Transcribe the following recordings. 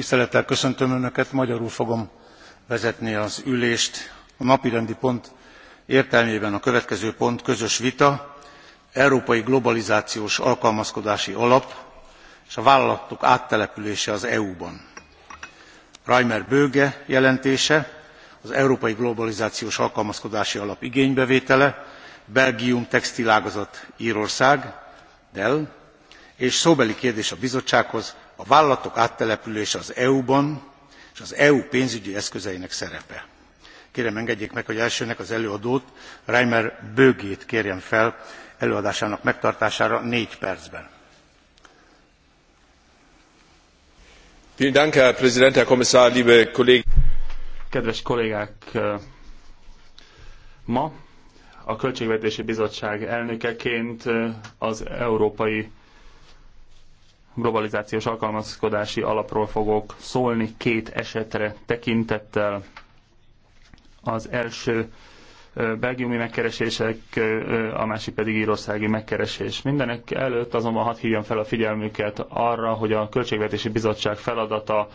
tisztelettel köszöntöm önöket magyarul fogom vezetni az ülést. a napirendi pont értelmében a következő pont közös vita európai globalizációs alkalmazkodási alap és a vállalatok áttelepülése az eu ban. reimer böge jelentése az európai globalizációs alkalmazkodási alap igénybevétele belgium textilágazat rország dell és szóbeli kérdés a bizottsághoz a vállalatok áttelepülése az eu ban és az eu pénzügyi eszközeinek szerepe. kérem engedjék meg hogy elsőnek az előadót reimer bögét kérjem fel előadásának megtartására négy percben. kedves kollégák! ma a költségvetési bizottság elnökeként az európai globalizációs alkalmazkodási alapról fogok szólni két esetre tekintettel. Az első belgiumi megkeresések, a másik pedig írországi megkeresés. Mindenek előtt azonban hadd hívjam fel a figyelmüket arra, hogy a Költségvetési Bizottság feladata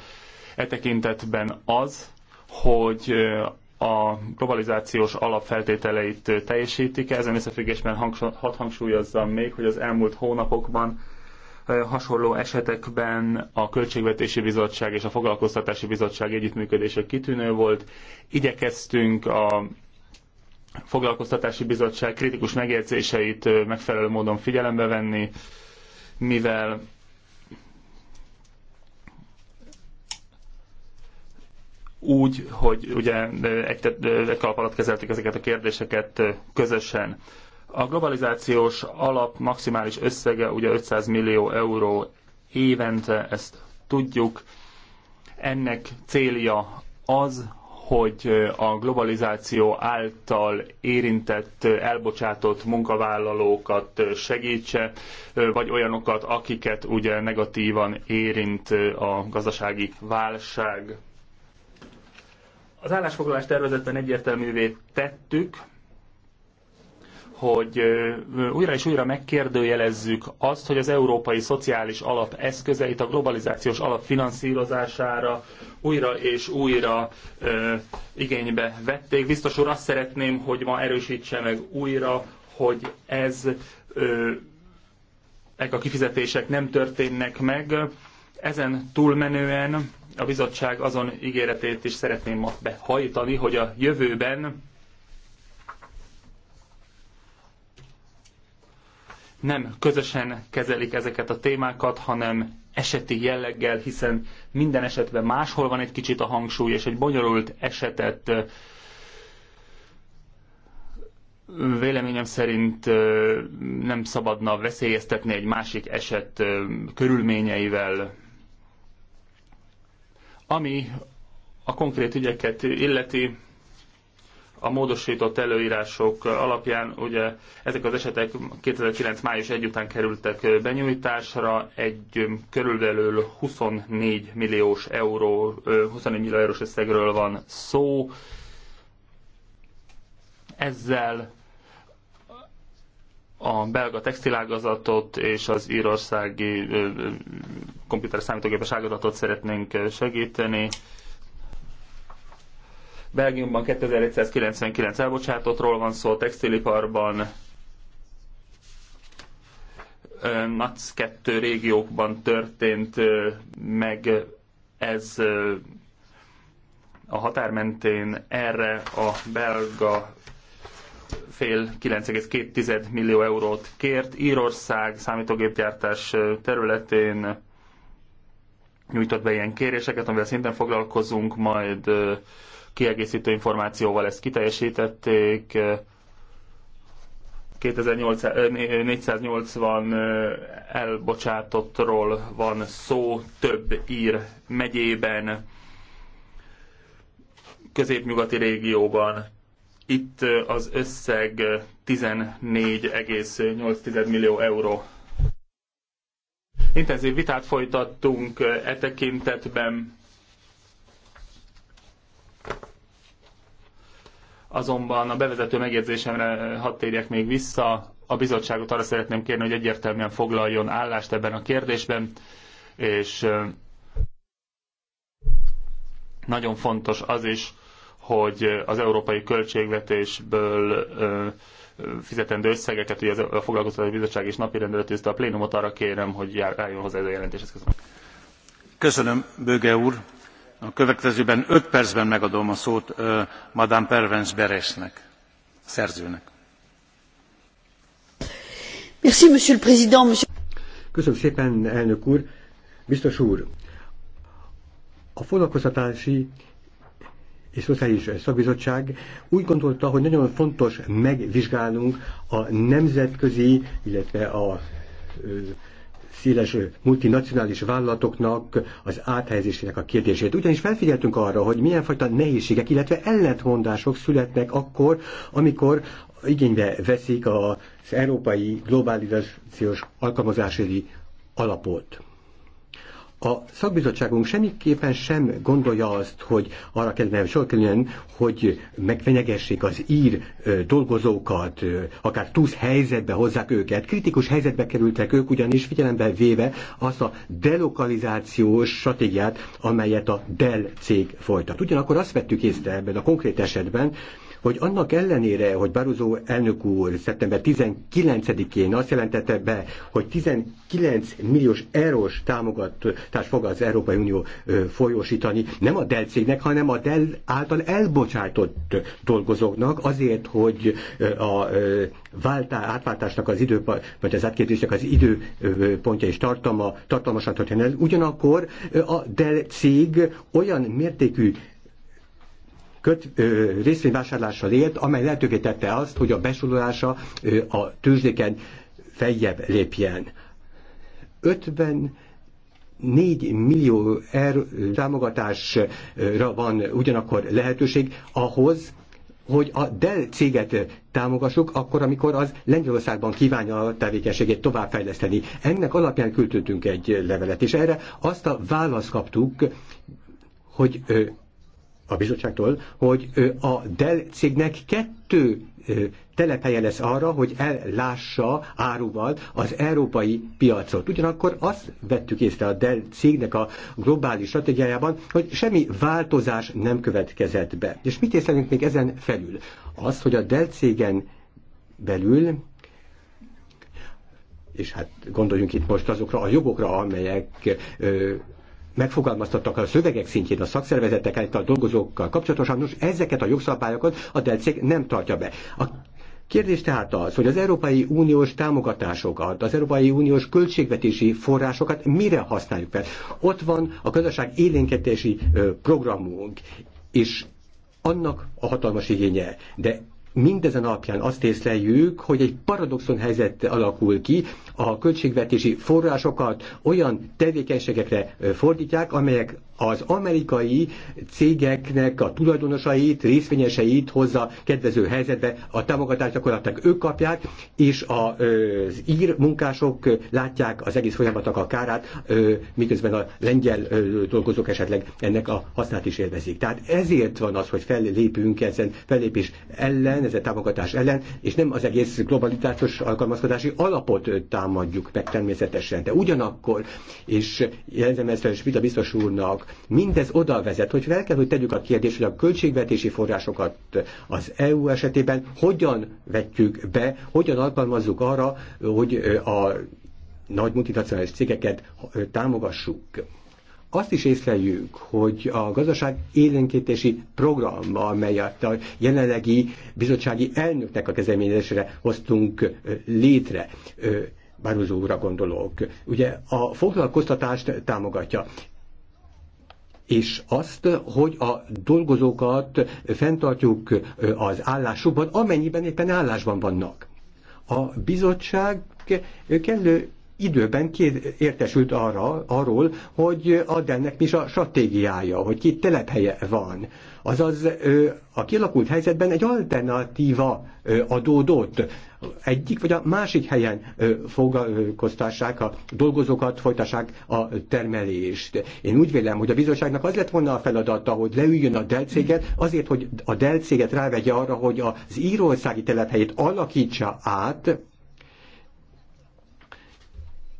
e tekintetben az, hogy a globalizációs alapfeltételeit teljesítik. Ezen összefüggésben hangsúly, hadd hangsúlyozzam még, hogy az elmúlt hónapokban hasonló esetekben a Költségvetési Bizottság és a Foglalkoztatási Bizottság együttműködése kitűnő volt. Igyekeztünk a Foglalkoztatási Bizottság kritikus megjegyzéseit megfelelő módon figyelembe venni, mivel úgy, hogy ugye egy, egy kalap alatt kezeltük ezeket a kérdéseket közösen. A globalizációs alap maximális összege ugye 500 millió euró évente, ezt tudjuk. Ennek célja az, hogy a globalizáció által érintett, elbocsátott munkavállalókat segítse, vagy olyanokat, akiket ugye negatívan érint a gazdasági válság. Az állásfoglalás tervezetben egyértelművé tettük, hogy újra és újra megkérdőjelezzük azt, hogy az európai szociális alap eszközeit a globalizációs alap finanszírozására újra és újra ö, igénybe vették. Biztos úr, azt szeretném, hogy ma erősítse meg újra, hogy ez ezek a kifizetések nem történnek meg. Ezen túlmenően a bizottság azon ígéretét is szeretném ma behajtani, hogy a jövőben nem közösen kezelik ezeket a témákat, hanem eseti jelleggel, hiszen minden esetben máshol van egy kicsit a hangsúly, és egy bonyolult esetet véleményem szerint nem szabadna veszélyeztetni egy másik eset körülményeivel, ami a konkrét ügyeket illeti, a módosított előírások alapján ugye ezek az esetek 2009. május 1 után kerültek benyújtásra, egy körülbelül 24 milliós euró, 24 millió eurós összegről van szó. Ezzel a belga textilágazatot és az írországi komputer számítógépes ágazatot szeretnénk segíteni. Belgiumban 2199 elbocsátottról van szó, textiliparban NAC 2 régiókban történt meg ez a határ mentén erre a belga fél 9,2 millió eurót kért. Írország számítógépgyártás területén nyújtott be ilyen kéréseket, amivel szintén foglalkozunk, majd kiegészítő információval ezt kiteljesítették. 2480 eh, eh, elbocsátottról van szó több ír megyében, középnyugati régióban. Itt eh, az összeg 14,8 millió euró. Intenzív vitát folytattunk e tekintetben Azonban a bevezető megjegyzésemre eh, hadd térjek még vissza. A bizottságot arra szeretném kérni, hogy egyértelműen foglaljon állást ebben a kérdésben, és eh, nagyon fontos az is, hogy az európai költségvetésből eh, fizetendő összegeket, ugye a foglalkoztatási bizottság is napirendre tűzte a plénumot, arra kérem, hogy járjon hozzá ez a jelentéshez. Köszönöm. Köszönöm, Böge úr a következőben öt percben megadom a szót madame pervenche beresnek szerzőnek. Köszönöm szépen, elnök úr, biztos úr! A foglalkoztatási és Szociális Szakbizottság úgy gondolta, hogy nagyon fontos megvizsgálnunk a nemzetközi, illetve a széles multinacionális vállalatoknak az áthelyezésének a kérdését. Ugyanis felfigyeltünk arra, hogy milyen fajta nehézségek, illetve ellentmondások születnek akkor, amikor igénybe veszik az európai globalizációs alkalmazási alapot. A szakbizottságunk semmiképpen sem gondolja azt, hogy arra kellene sor kerüljön, hogy megfenyegessék az ír dolgozókat, akár túsz helyzetbe hozzák őket. Kritikus helyzetbe kerültek ők, ugyanis figyelembe véve azt a delokalizációs stratégiát, amelyet a Dell cég folytat. Ugyanakkor azt vettük észre ebben a konkrét esetben, hogy annak ellenére, hogy Barroso elnök úr szeptember 19-én azt jelentette be, hogy 19 milliós erős támogatást fog az Európai Unió folyósítani, nem a Dell cégnek, hanem a Dell által elbocsátott dolgozóknak azért, hogy a váltá, átváltásnak az idő, vagy az átképzésnek az időpontja és tartalma, tartalmasan történet. Ugyanakkor a Dell cég olyan mértékű köt, ö, részvényvásárlással élt, amely lehetővé tette azt, hogy a besorolása ö, a tőzsdéken feljebb lépjen. 50 4 millió er, támogatásra van ugyanakkor lehetőség ahhoz, hogy a Dell céget támogassuk, akkor, amikor az Lengyelországban kívánja a tevékenységét továbbfejleszteni. Ennek alapján küldtünk egy levelet, és erre azt a választ kaptuk, hogy a bizottságtól, hogy a Dell cégnek kettő telephelye lesz arra, hogy ellássa áruval az európai piacot. Ugyanakkor azt vettük észre a Dell cégnek a globális stratégiájában, hogy semmi változás nem következett be. És mit észlelünk még ezen felül? Az, hogy a Dell cégen belül és hát gondoljunk itt most azokra a jogokra, amelyek megfogalmaztattak a szövegek szintjén a szakszervezetek által dolgozókkal kapcsolatosan, nos, ezeket a jogszabályokat a delcég nem tartja be. A Kérdés tehát az, hogy az Európai Uniós támogatásokat, az Európai Uniós költségvetési forrásokat mire használjuk fel. Ott van a gazdaság élénketési programunk, és annak a hatalmas igénye. De mindezen alapján azt észleljük, hogy egy paradoxon helyzet alakul ki, a költségvetési forrásokat olyan tevékenységekre fordítják, amelyek az amerikai cégeknek a tulajdonosait, részvényeseit hozza kedvező helyzetbe, a támogatást gyakorlatilag ők kapják, és az ír munkások látják az egész folyamatnak a kárát, miközben a lengyel dolgozók esetleg ennek a hasznát is élvezik. Tehát ezért van az, hogy fellépünk ezen fellépés ellen, ezen támogatás ellen, és nem az egész globalizációs alkalmazkodási alapot támogatjuk támadjuk meg természetesen, de ugyanakkor, és jelzem ezt is Vida biztos úrnak, mindez oda vezet, hogy fel kell, hogy tegyük a kérdést, hogy a költségvetési forrásokat az EU esetében hogyan vetjük be, hogyan alkalmazzuk arra, hogy a nagy multinacionális cégeket támogassuk. Azt is észleljük, hogy a gazdaság élénkítési program, amely a jelenlegi bizottsági elnöknek a kezdeményezésre hoztunk létre, Bározó úra gondolok, ugye a foglalkoztatást támogatja és azt, hogy a dolgozókat fenntartjuk az állásukban, amennyiben éppen állásban vannak. A bizottság kellő időben két értesült arra, arról, hogy a dennek mi is a stratégiája, hogy két telephelye van Azaz a kialakult helyzetben egy alternatíva adódott. Egyik vagy a másik helyen foglalkoztassák a dolgozókat, folytassák a termelést. Én úgy vélem, hogy a bizottságnak az lett volna a feladata, hogy leüljön a delcéget, azért, hogy a delcéget rávegye arra, hogy az írószági telephelyét alakítsa át,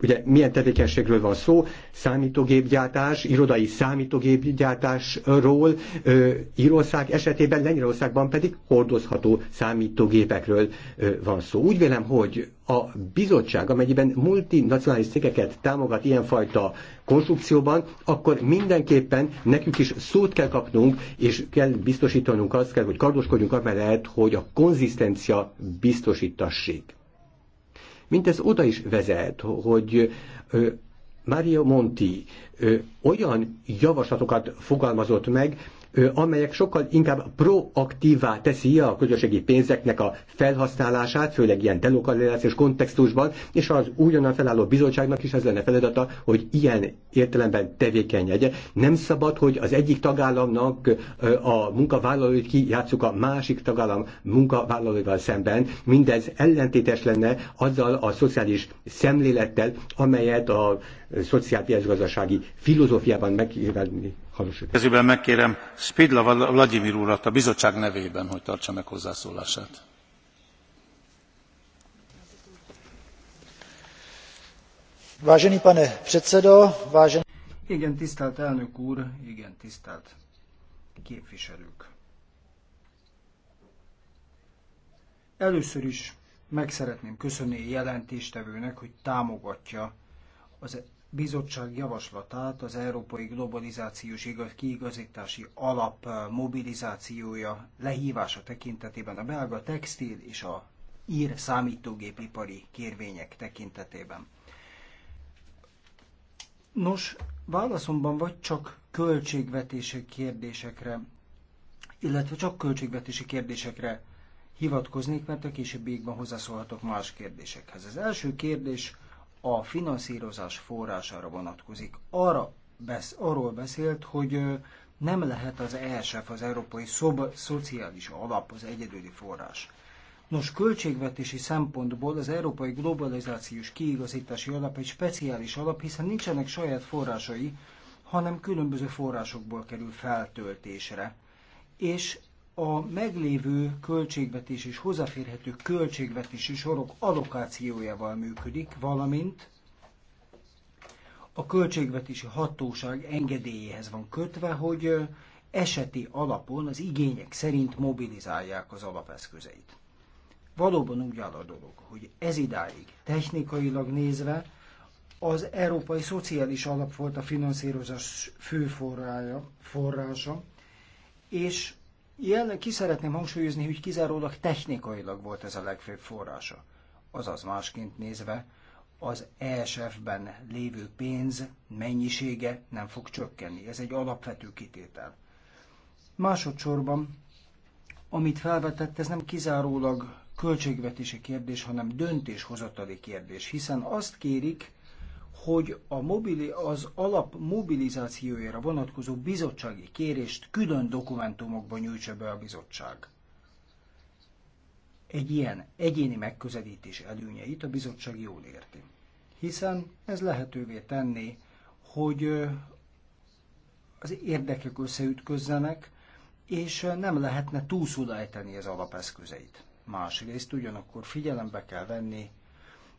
Ugye milyen tevékenységről van szó? Számítógépgyártás, irodai számítógépgyártásról, Írország esetében, Lengyelországban pedig hordozható számítógépekről ö, van szó. Úgy vélem, hogy a bizottság, amennyiben multinacionális cégeket támogat ilyenfajta konstrukcióban, akkor mindenképpen nekünk is szót kell kapnunk, és kell biztosítanunk azt kell, hogy kardoskodjunk amellett, hogy a konzisztencia biztosítassék. Mindez oda is vezet, hogy Mario Monti olyan javaslatokat fogalmazott meg, amelyek sokkal inkább proaktívá teszi a közösségi pénzeknek a felhasználását, főleg ilyen delokalizációs kontextusban, és az újonnan felálló bizottságnak is ez lenne feladata, hogy ilyen értelemben tevékenyedje. Nem szabad, hogy az egyik tagállamnak a munkavállalóit kijátszuk a másik tagállam munkavállalóival szemben. Mindez ellentétes lenne azzal a szociális szemlélettel, amelyet a szociálpiacgazdasági filozófiában megjelenni Halusik. megkérem Spidla Vladimir urat a bizottság nevében, hogy tartsa meg hozzászólását. Vážený pane předsedo, vážený... Igen, tisztelt elnök úr, igen, tisztelt képviselők. Először is meg szeretném köszönni a jelentéstevőnek, hogy támogatja az bizottság javaslatát az Európai Globalizációs Kiigazítási Alap eh, mobilizációja lehívása tekintetében a belga textil és a ír számítógépipari kérvények tekintetében. Nos, válaszomban vagy csak költségvetési kérdésekre, illetve csak költségvetési kérdésekre hivatkoznék, mert a későbbiekben hozzászólhatok más kérdésekhez. Az első kérdés a finanszírozás forrására vonatkozik. Arra besz, arról beszélt, hogy nem lehet az ESF, az Európai Szob Szociális Alap az egyedüli forrás. Nos, költségvetési szempontból az Európai Globalizációs Kiigazítási Alap egy speciális alap, hiszen nincsenek saját forrásai, hanem különböző forrásokból kerül feltöltésre. És a meglévő költségvetés és hozzáférhető költségvetési sorok allokációjával működik, valamint a költségvetési hatóság engedélyéhez van kötve, hogy eseti alapon az igények szerint mobilizálják az alapeszközeit. Valóban úgy áll a dolog, hogy ez idáig technikailag nézve az Európai Szociális Alap volt a finanszírozás fő forrája, forrása, és Jelen ki szeretném hangsúlyozni, hogy kizárólag technikailag volt ez a legfőbb forrása. Azaz másként nézve, az ESF-ben lévő pénz mennyisége nem fog csökkenni. Ez egy alapvető kitétel. Másodszorban, amit felvetett, ez nem kizárólag költségvetési kérdés, hanem döntéshozatali kérdés, hiszen azt kérik, hogy a mobili, az alap mobilizációjára vonatkozó bizottsági kérést külön dokumentumokban nyújtsa be a bizottság. Egy ilyen egyéni megközelítés előnyeit a bizottság jól érti, hiszen ez lehetővé tenni, hogy az érdekek összeütközzenek, és nem lehetne túlszulejteni az alapeszközeit. Másrészt ugyanakkor figyelembe kell venni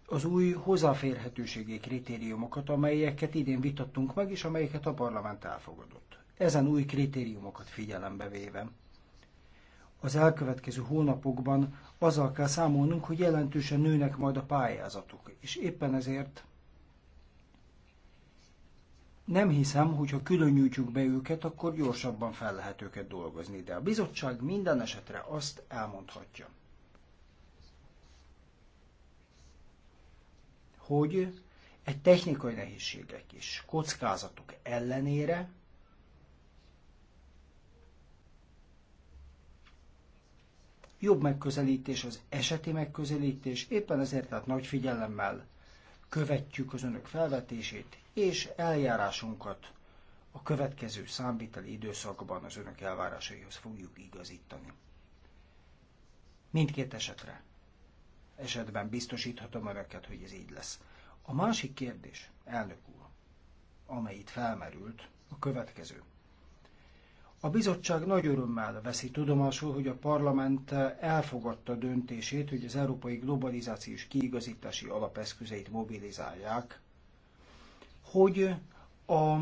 az új hozzáférhetőségi kritériumokat, amelyeket idén vitattunk meg, és amelyeket a parlament elfogadott. Ezen új kritériumokat figyelembe véve az elkövetkező hónapokban azzal kell számolnunk, hogy jelentősen nőnek majd a pályázatok, és éppen ezért nem hiszem, hogy ha külön nyújtjuk be őket, akkor gyorsabban fel lehet őket dolgozni, de a bizottság minden esetre azt elmondhatja, hogy egy technikai nehézségek és kockázatok ellenére jobb megközelítés az eseti megközelítés, éppen ezért tehát nagy figyelemmel követjük az önök felvetését, és eljárásunkat a következő számviteli időszakban az önök elvárásaihoz fogjuk igazítani. Mindkét esetre esetben biztosíthatom önöket, hogy ez így lesz. A másik kérdés, elnök úr, amely itt felmerült, a következő. A bizottság nagy örömmel veszi tudomásul, hogy a parlament elfogadta döntését, hogy az európai globalizációs kiigazítási alapeszközeit mobilizálják, hogy a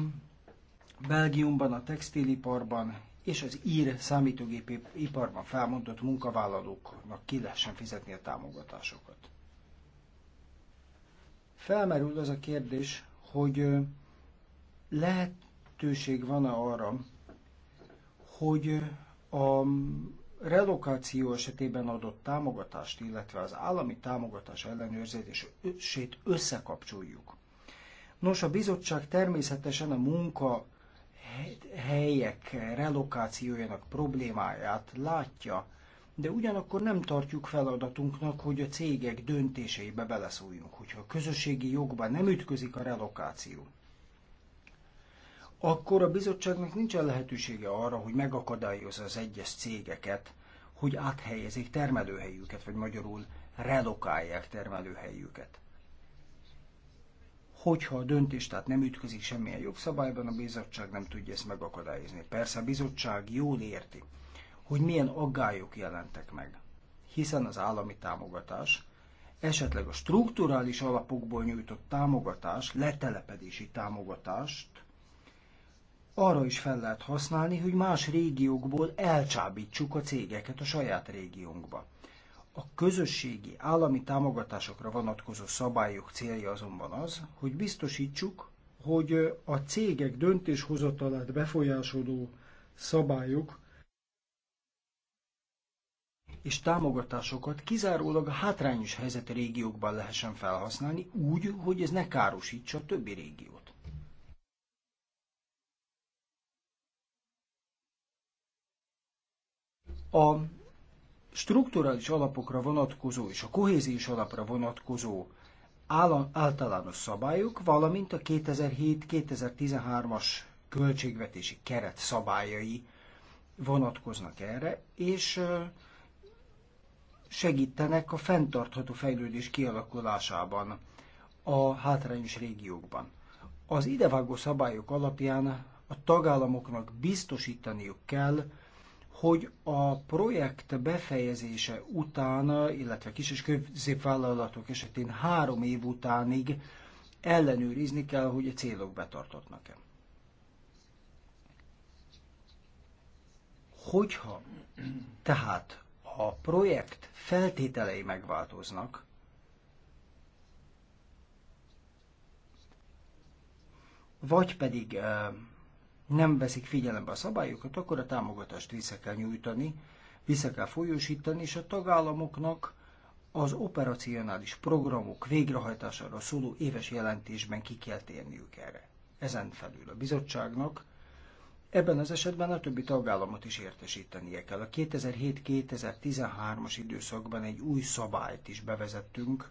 Belgiumban, a textiliparban és az ír számítógépiparban felmondott munkavállalóknak ki lehessen fizetni a támogatásokat. Felmerül az a kérdés, hogy lehetőség van-e arra, hogy a relokáció esetében adott támogatást, illetve az állami támogatás ellenőrzését összekapcsoljuk. Nos, a bizottság természetesen a munka helyek relokációjának problémáját látja, de ugyanakkor nem tartjuk feladatunknak, hogy a cégek döntéseibe beleszóljunk, hogyha a közösségi jogban nem ütközik a relokáció akkor a bizottságnak nincsen lehetősége arra, hogy megakadályozza az egyes cégeket, hogy áthelyezik termelőhelyüket, vagy magyarul relokálják termelőhelyüket hogyha a döntés tehát nem ütközik semmilyen jogszabályban, a bizottság nem tudja ezt megakadályozni. Persze a bizottság jól érti, hogy milyen aggályok jelentek meg, hiszen az állami támogatás, esetleg a strukturális alapokból nyújtott támogatás, letelepedési támogatást arra is fel lehet használni, hogy más régiókból elcsábítsuk a cégeket a saját régiónkba. A közösségi állami támogatásokra vonatkozó szabályok célja azonban az, hogy biztosítsuk, hogy a cégek döntéshozatalát befolyásoló szabályok és támogatásokat kizárólag a hátrányos helyzetű régiókban lehessen felhasználni úgy, hogy ez ne károsítsa a többi régiót. A strukturális alapokra vonatkozó és a kohéziós alapra vonatkozó általános szabályok, valamint a 2007-2013-as költségvetési keret szabályai vonatkoznak erre, és segítenek a fenntartható fejlődés kialakulásában a hátrányos régiókban. Az idevágó szabályok alapján a tagállamoknak biztosítaniuk kell, hogy a projekt befejezése után, illetve kis és középvállalatok esetén három év utánig ellenőrizni kell, hogy a célok betartatnak-e. Hogyha tehát a projekt feltételei megváltoznak, vagy pedig eh, nem veszik figyelembe a szabályokat, akkor a támogatást vissza kell nyújtani, vissza kell folyósítani, és a tagállamoknak az operacionális programok végrehajtására szóló éves jelentésben ki kell térniük erre. Ezen felül a bizottságnak ebben az esetben a többi tagállamot is értesítenie kell. A 2007-2013-as időszakban egy új szabályt is bevezettünk,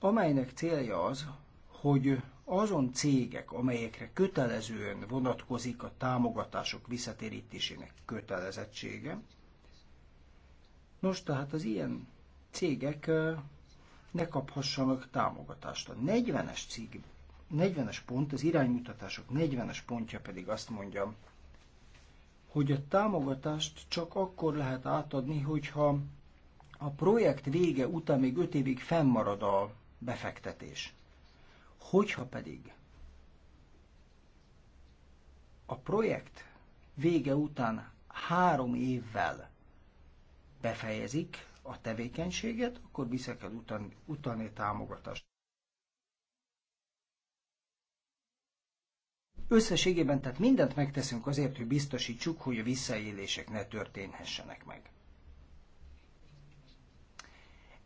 amelynek célja az, hogy azon cégek, amelyekre kötelezően vonatkozik a támogatások visszatérítésének kötelezettsége. Nos, tehát az ilyen cégek ne kaphassanak támogatást. A 40-es cikk, 40-es pont, az iránymutatások 40-es pontja pedig azt mondja, hogy a támogatást csak akkor lehet átadni, hogyha a projekt vége után még 5 évig fennmarad a befektetés. Hogyha pedig a projekt vége után három évvel befejezik a tevékenységet, akkor vissza utani, utáni támogatást. Összességében tehát mindent megteszünk azért, hogy biztosítsuk, hogy a visszaélések ne történhessenek meg.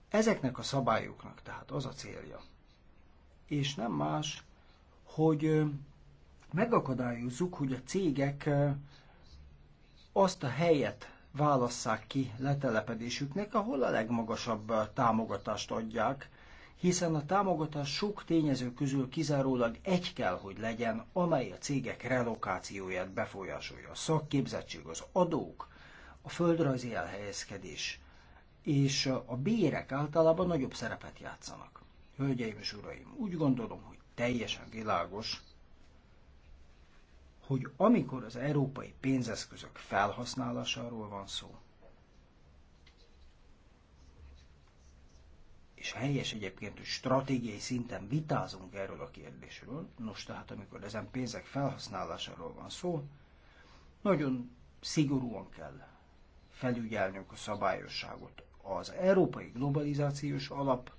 Ezeknek a szabályoknak tehát az a célja, és nem más, hogy megakadályozzuk, hogy a cégek azt a helyet válasszák ki letelepedésüknek, ahol a legmagasabb támogatást adják, hiszen a támogatás sok tényező közül kizárólag egy kell, hogy legyen, amely a cégek relokációját befolyásolja. A szakképzettség, az adók, a földrajzi elhelyezkedés és a bérek általában nagyobb szerepet játszanak. Hölgyeim és uraim, úgy gondolom, hogy teljesen világos, hogy amikor az európai pénzeszközök felhasználásáról van szó, és helyes egyébként, hogy stratégiai szinten vitázunk erről a kérdésről, nos tehát amikor ezen pénzek felhasználásáról van szó, nagyon szigorúan kell felügyelnünk a szabályosságot. Az európai globalizációs alap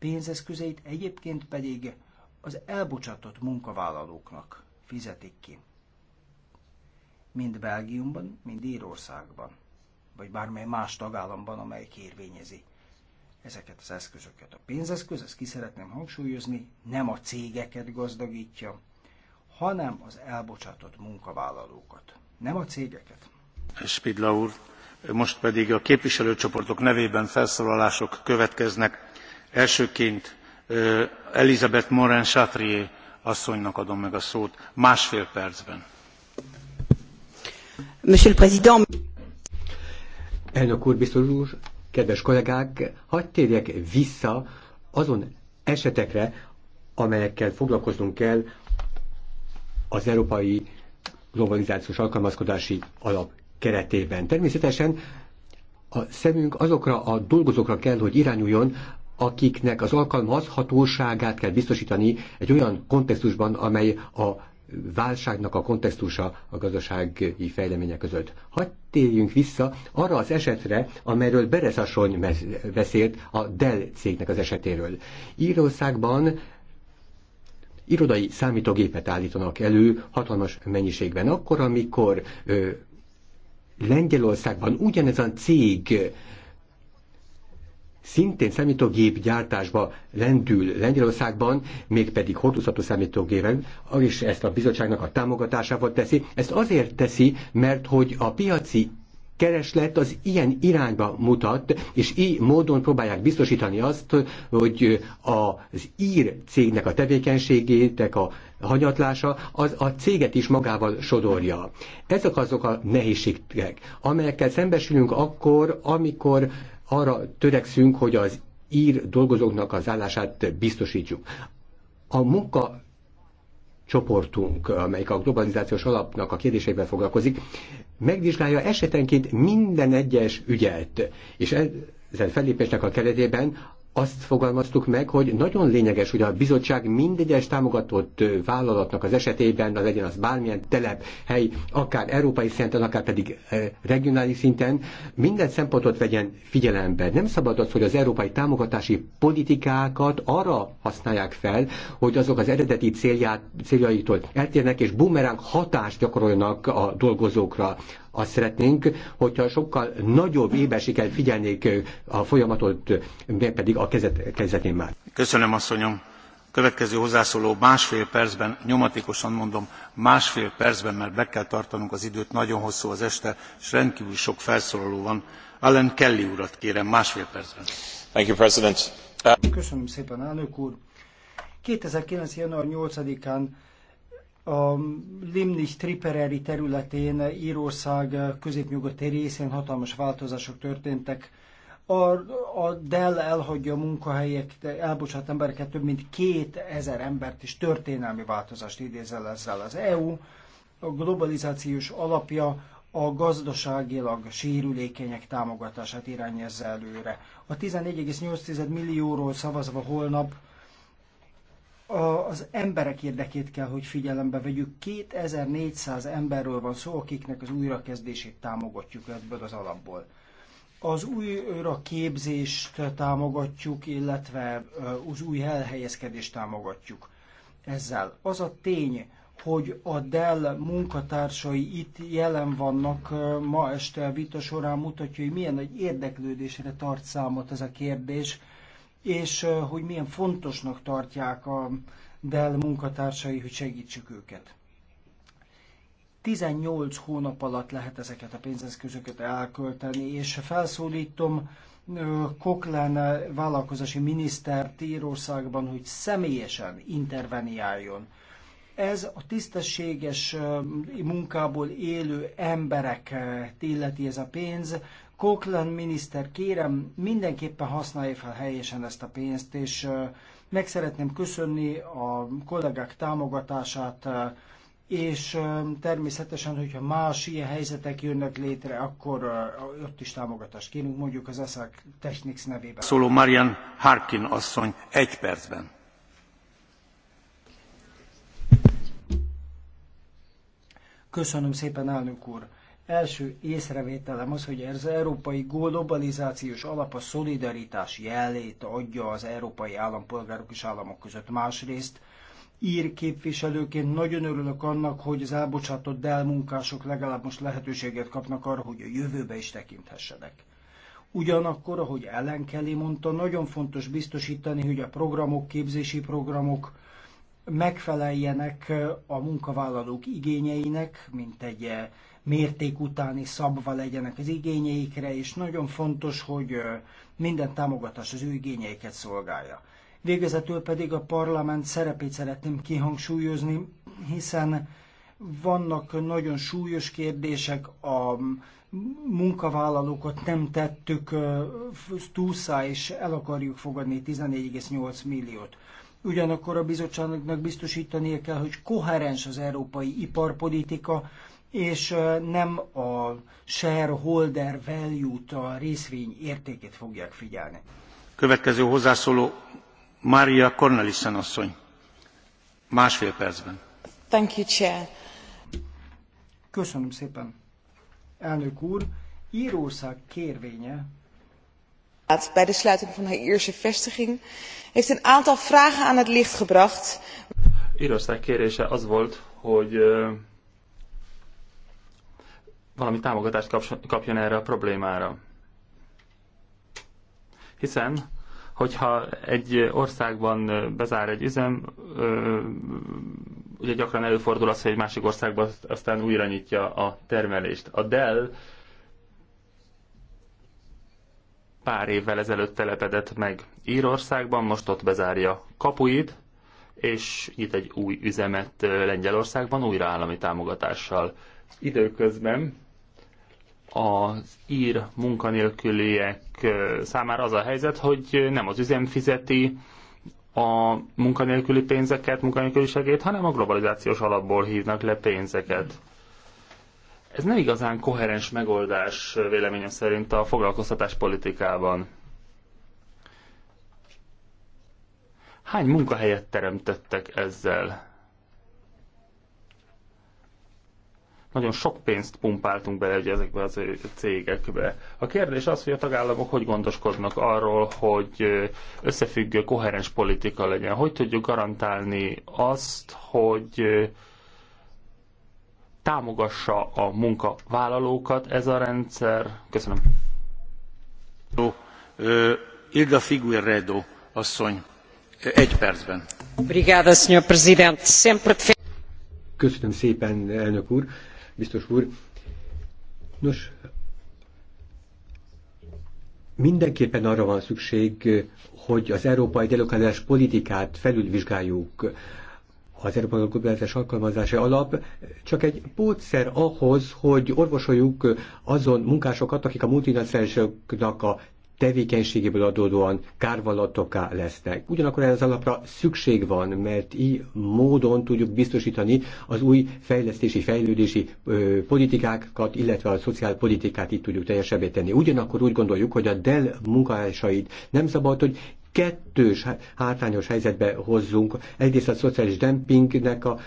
pénzeszközeit egyébként pedig az elbocsátott munkavállalóknak fizetik ki. Mind Belgiumban, mind Írországban, vagy bármely más tagállamban, amely kérvényezi ezeket az eszközöket. A pénzeszköz, ezt ki szeretném hangsúlyozni, nem a cégeket gazdagítja, hanem az elbocsátott munkavállalókat. Nem a cégeket. Spidla úr, most pedig a képviselőcsoportok nevében felszólalások következnek elsőként elisabeth morin chartrier asszonynak adom meg a szót másfél percben. Monsieur le Président. Elnök úr, biztos úr, kedves kollégák, hadd térjek vissza azon esetekre, amelyekkel foglalkoznunk kell az európai globalizációs alkalmazkodási alap keretében. Természetesen a szemünk azokra a dolgozókra kell, hogy irányuljon, akiknek az alkalmazhatóságát kell biztosítani egy olyan kontextusban, amely a válságnak a kontextusa a gazdasági fejlemények között. Hadd térjünk vissza arra az esetre, amelyről Bereszasony beszélt a Dell cégnek az esetéről. Írországban irodai számítógépet állítanak elő hatalmas mennyiségben. Akkor, amikor ö, Lengyelországban a cég szintén gyártásba lendül Lengyelországban, mégpedig hordozható számítógépen, is ezt a bizottságnak a támogatásával teszi. Ezt azért teszi, mert hogy a piaci kereslet az ilyen irányba mutat, és így módon próbálják biztosítani azt, hogy az ír cégnek a tevékenységétek a hanyatlása, az a céget is magával sodorja. Ezek azok a nehézségek, amelyekkel szembesülünk akkor, amikor arra törekszünk, hogy az ír dolgozóknak az állását biztosítjuk. A munka csoportunk, amelyik a globalizációs alapnak a kérdéseivel foglalkozik, megvizsgálja esetenként minden egyes ügyet, és ezen fellépésnek a keretében azt fogalmaztuk meg, hogy nagyon lényeges, hogy a bizottság mindegyes támogatott vállalatnak az esetében, az legyen az bármilyen telep, hely, akár európai szinten, akár pedig regionális szinten, minden szempontot vegyen figyelembe. Nem szabad az, hogy az európai támogatási politikákat arra használják fel, hogy azok az eredeti célját, céljaitól eltérnek, és bumerang hatást gyakorolnak a dolgozókra. Azt szeretnénk, hogyha sokkal nagyobb ébesikkel figyelnék a folyamatot, pedig a kezet, kezetén már. Köszönöm, asszonyom. Következő hozzászóló másfél percben, nyomatikusan mondom, másfél percben, mert be kell tartanunk az időt, nagyon hosszú az este, és rendkívül sok felszólaló van. Allen Kelly urat kérem, másfél percben. Thank you, President. Köszönöm szépen, elnök úr. 2009. január 8-án a Limnich Tripereri területén Írország középnyugati részén hatalmas változások történtek. A, a Dell elhagyja a munkahelyek, elbocsát embereket, több mint két ezer embert is történelmi változást idézel ezzel. Az EU a globalizációs alapja a gazdaságilag sérülékenyek támogatását irányozza előre. A 14,8 millióról szavazva holnap az emberek érdekét kell, hogy figyelembe vegyük. 2400 emberről van szó, akiknek az újrakezdését támogatjuk ebből az alapból. Az újraképzést támogatjuk, illetve az új elhelyezkedést támogatjuk. Ezzel az a tény, hogy a Dell munkatársai itt jelen vannak ma este a vita során mutatja, hogy milyen nagy érdeklődésre tart számot ez a kérdés, és hogy milyen fontosnak tartják a Dell munkatársai, hogy segítsük őket. 18 hónap alatt lehet ezeket a pénzeszközöket elkölteni, és felszólítom Koklen vállalkozási minisztert Írországban, hogy személyesen interveniáljon. Ez a tisztességes munkából élő emberek illeti ez a pénz, Cochlan miniszter, kérem, mindenképpen használja fel helyesen ezt a pénzt, és meg szeretném köszönni a kollégák támogatását, és természetesen, hogyha más ilyen helyzetek jönnek létre, akkor ott is támogatást kérünk, mondjuk az ESZAK Technics nevében. Szóló Marian Harkin asszony, egy percben. Köszönöm szépen, elnök úr. Első észrevételem az, hogy az európai globalizációs alap a szolidaritás jelét adja az európai állampolgárok és államok között. Másrészt ír képviselőként nagyon örülök annak, hogy az elbocsátott delmunkások legalább most lehetőséget kapnak arra, hogy a jövőbe is tekinthessenek. Ugyanakkor, ahogy Ellen Kelly mondta, nagyon fontos biztosítani, hogy a programok, képzési programok megfeleljenek a munkavállalók igényeinek, mint egy eh, mérték utáni szabva legyenek az igényeikre, és nagyon fontos, hogy minden támogatás az ő igényeiket szolgálja. Végezetül pedig a parlament szerepét szeretném kihangsúlyozni, hiszen vannak nagyon súlyos kérdések, a munkavállalókat nem tettük túlszá, és el akarjuk fogadni 14,8 milliót. Ugyanakkor a bizottságnak biztosítania kell, hogy koherens az európai iparpolitika, és nem a shareholder value-t, a részvény értékét fogják figyelni. Következő hozzászóló Mária Cornelissen asszony. Másfél percben. Thank you, Chair. Köszönöm szépen. Elnök úr, Írószág kérvénye bij de sluiting van haar Ierse vestiging heeft een aantal vragen aan het licht gebracht. Írószág kérése az volt, hogy uh, valami támogatást kapjon erre a problémára. Hiszen, hogyha egy országban bezár egy üzem, ugye gyakran előfordul az, hogy egy másik országban aztán újra nyitja a termelést. A Dell pár évvel ezelőtt telepedett meg Írországban, most ott bezárja kapuit, és nyit egy új üzemet Lengyelországban újra állami támogatással. Időközben az ír munkanélküliek számára az a helyzet, hogy nem az üzem fizeti a munkanélküli pénzeket, munkanélküli segélyt, hanem a globalizációs alapból hívnak le pénzeket. Ez nem igazán koherens megoldás véleményem szerint a foglalkoztatás politikában. Hány munkahelyet teremtettek ezzel? Nagyon sok pénzt pumpáltunk bele ugye, ezekbe a cégekbe. A kérdés az, hogy a tagállamok hogy gondoskodnak arról, hogy összefüggő, koherens politika legyen. Hogy tudjuk garantálni azt, hogy támogassa a munkavállalókat ez a rendszer. Köszönöm. Ilga Figueredo asszony, egy percben. Köszönöm szépen, elnök úr biztos úr. Nos, mindenképpen arra van szükség, hogy az európai delokalizás politikát felülvizsgáljuk. Az európai delokalizás alkalmazása alap csak egy pótszer ahhoz, hogy orvosoljuk azon munkásokat, akik a multinacionalisoknak a tevékenységéből adódóan kárvallatoká lesznek. Ugyanakkor ez alapra szükség van, mert így módon tudjuk biztosítani az új fejlesztési, fejlődési ö, politikákat, illetve a szociálpolitikát itt tudjuk teljesebbé tenni. Ugyanakkor úgy gondoljuk, hogy a DEL munkásait nem szabad, hogy kettős hátrányos helyzetbe hozzunk. Egyrészt a szociális dempingnek a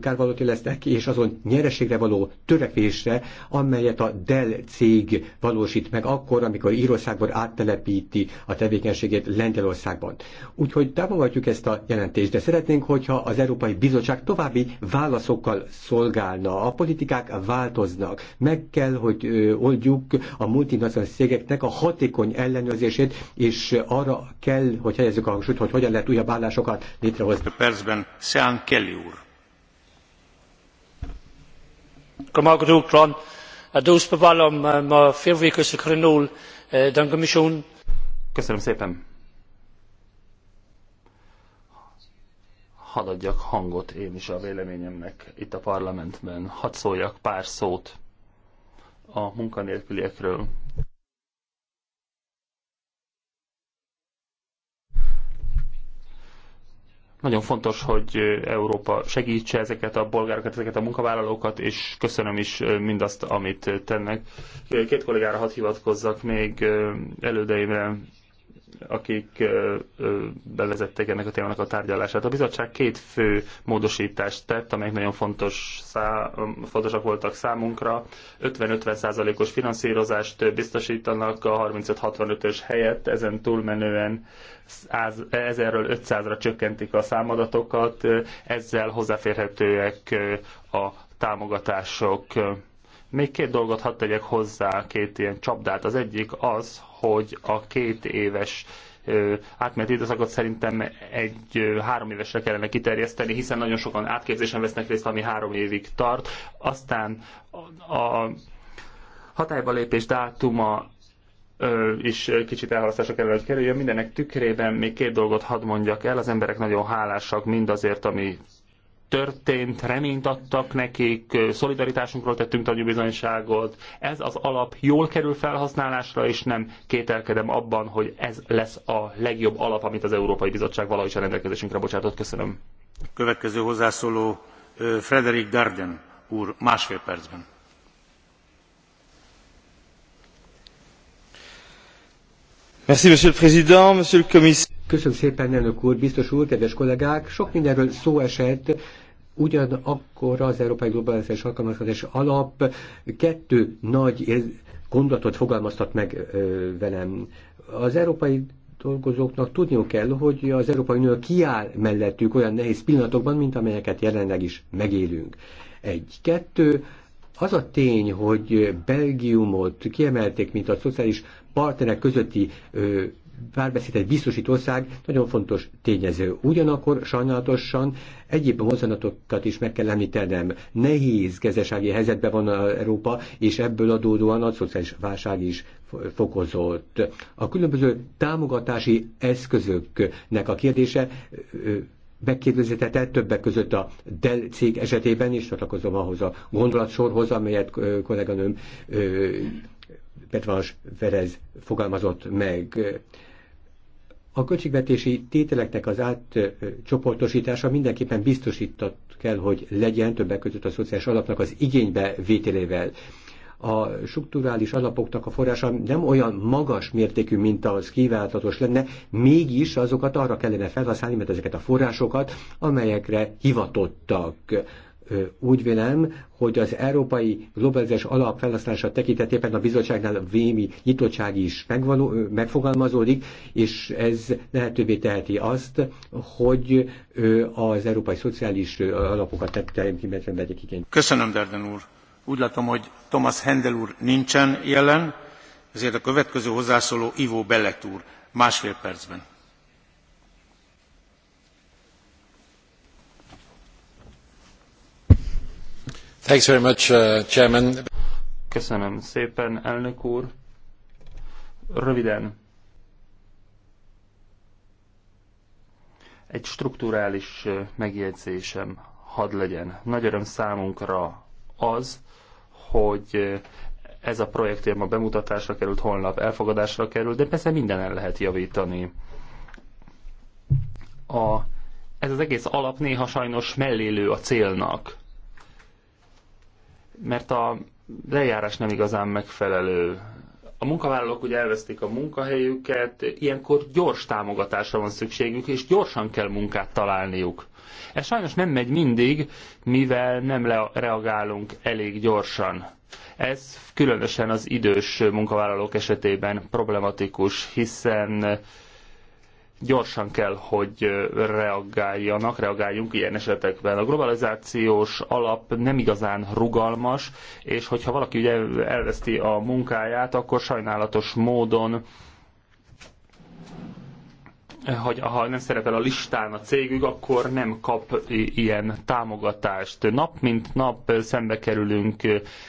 kárvalóti lesznek, és azon nyereségre való törekvésre, amelyet a Dell cég valósít meg akkor, amikor Írországban áttelepíti a tevékenységét Lengyelországban. Úgyhogy támogatjuk ezt a jelentést, de szeretnénk, hogyha az Európai Bizottság további válaszokkal szolgálna. A politikák változnak. Meg kell, hogy oldjuk a multinacionalis cégeknek a hatékony ellenőrzését, és arra kell kell, hogy helyezzük a hangsúlyt, hogy hogyan lehet újabb állásokat létrehozni. Percben Sean Kelly úr. Eh, eh, Köszönöm szépen. Hadd adjak hangot én is a véleményemnek itt a parlamentben. Hadd szóljak pár szót a munkanélküliekről, Nagyon fontos, hogy Európa segítse ezeket a bolgárokat, ezeket a munkavállalókat, és köszönöm is mindazt, amit tennek. Két kollégára hadd hivatkozzak még elődeimre akik bevezették ennek a témának a tárgyalását. A bizottság két fő módosítást tett, amelyek nagyon fontos szá, fontosak voltak számunkra. 50-50 százalékos -50 finanszírozást biztosítanak a 35-65-ös helyett, ezen túlmenően 1000-ről 500-ra csökkentik a számadatokat, ezzel hozzáférhetőek a támogatások még két dolgot hadd tegyek hozzá, két ilyen csapdát. Az egyik az, hogy a két éves átmeneti időszakot szerintem egy három évesre kellene kiterjeszteni, hiszen nagyon sokan átképzésen vesznek részt, ami három évig tart. Aztán a hatályba lépés dátuma is kicsit elhalasztásra kellene, hogy kerüljön. Mindenek tükrében még két dolgot hadd mondjak el. Az emberek nagyon hálásak mindazért, ami történt, reményt adtak nekik, szolidaritásunkról tettünk bizonyságot. Ez az alap jól kerül felhasználásra, és nem kételkedem abban, hogy ez lesz a legjobb alap, amit az Európai Bizottság valahogy a rendelkezésünkre bocsátott. Köszönöm. Következő hozzászóló Frederik Darden úr, másfél percben. Merci, monsieur le président, monsieur le commissaire. Köszönöm szépen, elnök úr, biztos úr, kedves kollégák! Sok mindenről szó esett, ugyanakkor az Európai Globalizációs Alkalmazkodás Alap kettő nagy gondolatot fogalmaztat meg velem. Az Európai dolgozóknak tudniuk kell, hogy az Európai Unió kiáll mellettük olyan nehéz pillanatokban, mint amelyeket jelenleg is megélünk. Egy, kettő, az a tény, hogy Belgiumot kiemelték, mint a szociális partnerek közötti ö, párbeszédet biztosít ország nagyon fontos tényező. Ugyanakkor sajnálatosan egyéb mozanatokat is meg kell említenem. Nehéz gazdasági helyzetben van Európa, és ebből adódóan a szociális válság is fokozott. A különböző támogatási eszközöknek a kérdése megkérdeztetett többek között a Dell cég esetében is csatlakozom ahhoz a gondolatsorhoz, amelyet kolléganőm Petrás Verez fogalmazott meg. A költségvetési tételeknek az átcsoportosítása mindenképpen biztosított kell, hogy legyen többek között a szociális alapnak az igénybe vételével a strukturális alapoknak a forrása nem olyan magas mértékű, mint az kívánatos lenne, mégis azokat arra kellene felhasználni, mert ezeket a forrásokat, amelyekre hivatottak úgy vélem, hogy az európai globalizás alapfelhasználása tekintetében a bizottságnál vémi nyitottság is megvaló, megfogalmazódik, és ez lehetővé teheti azt, hogy az európai szociális alapokat tekintetben vegyek igény. Köszönöm, Derden úr. Úgy látom, hogy Thomas Hendel úr nincsen jelen, ezért a következő hozzászóló Ivo Bellet úr, másfél percben Thanks very much, uh, Chairman. Köszönöm szépen, elnök úr. Röviden. Egy strukturális megjegyzésem had legyen. Nagy öröm számunkra az, hogy ez a projekt ma bemutatásra került, holnap elfogadásra került, de persze el lehet javítani. A, ez az egész alap néha sajnos mellélő a célnak mert a lejárás nem igazán megfelelő. A munkavállalók ugye elvesztik a munkahelyüket, ilyenkor gyors támogatásra van szükségük, és gyorsan kell munkát találniuk. Ez sajnos nem megy mindig, mivel nem reagálunk elég gyorsan. Ez különösen az idős munkavállalók esetében problematikus, hiszen gyorsan kell, hogy reagáljanak, reagáljunk ilyen esetekben. A globalizációs alap nem igazán rugalmas, és hogyha valaki ugye elveszti a munkáját, akkor sajnálatos módon hogy ha nem szerepel a listán a cégük, akkor nem kap ilyen támogatást. Nap mint nap szembe kerülünk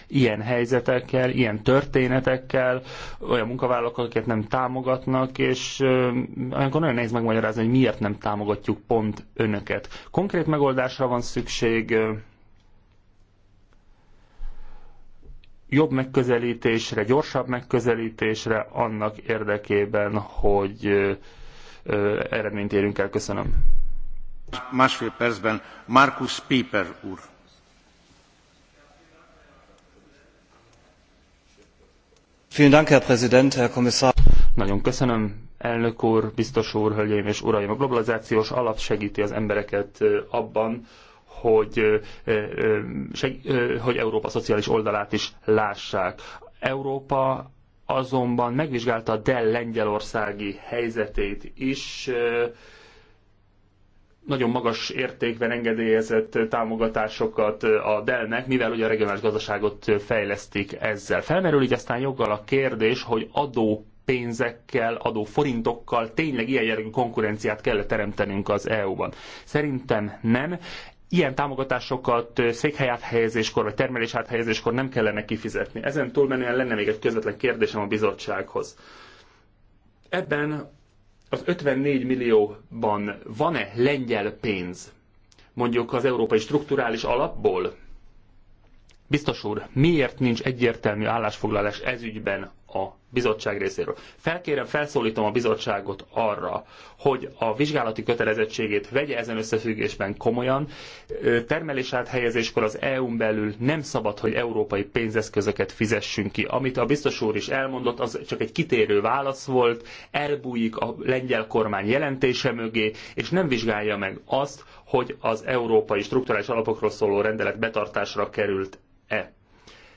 ilyen helyzetekkel, ilyen történetekkel, olyan munkavállalók, akiket nem támogatnak, és olyankor nagyon nehéz megmagyarázni, hogy miért nem támogatjuk pont önöket. Konkrét megoldásra van szükség, jobb megközelítésre, gyorsabb megközelítésre annak érdekében, hogy eredményt érünk el. Köszönöm. Másfél percben Markus Pieper úr. Nagyon köszönöm, elnök úr, biztos úr, hölgyeim és uraim. A globalizációs alap segíti az embereket abban, hogy, hogy Európa szociális oldalát is lássák. Európa azonban megvizsgálta a Dell lengyelországi helyzetét is, nagyon magas értékben engedélyezett támogatásokat a Dellnek, mivel ugye a regionális gazdaságot fejlesztik ezzel. Felmerül így aztán joggal a kérdés, hogy adó pénzekkel, adó forintokkal tényleg ilyen jellegű konkurenciát kell teremtenünk az EU-ban. Szerintem nem ilyen támogatásokat székhely áthelyezéskor vagy termelés áthelyezéskor nem kellene kifizetni. Ezen túlmenően lenne még egy közvetlen kérdésem a bizottsághoz. Ebben az 54 millióban van-e lengyel pénz, mondjuk az európai strukturális alapból? Biztos úr, miért nincs egyértelmű állásfoglalás ezügyben a bizottság részéről. Felkérem, felszólítom a bizottságot arra, hogy a vizsgálati kötelezettségét vegye ezen összefüggésben komolyan. Termelés áthelyezéskor az EU-n belül nem szabad, hogy európai pénzeszközöket fizessünk ki. Amit a biztos úr is elmondott, az csak egy kitérő válasz volt, elbújik a lengyel kormány jelentése mögé, és nem vizsgálja meg azt, hogy az európai strukturális alapokról szóló rendelet betartásra került-e.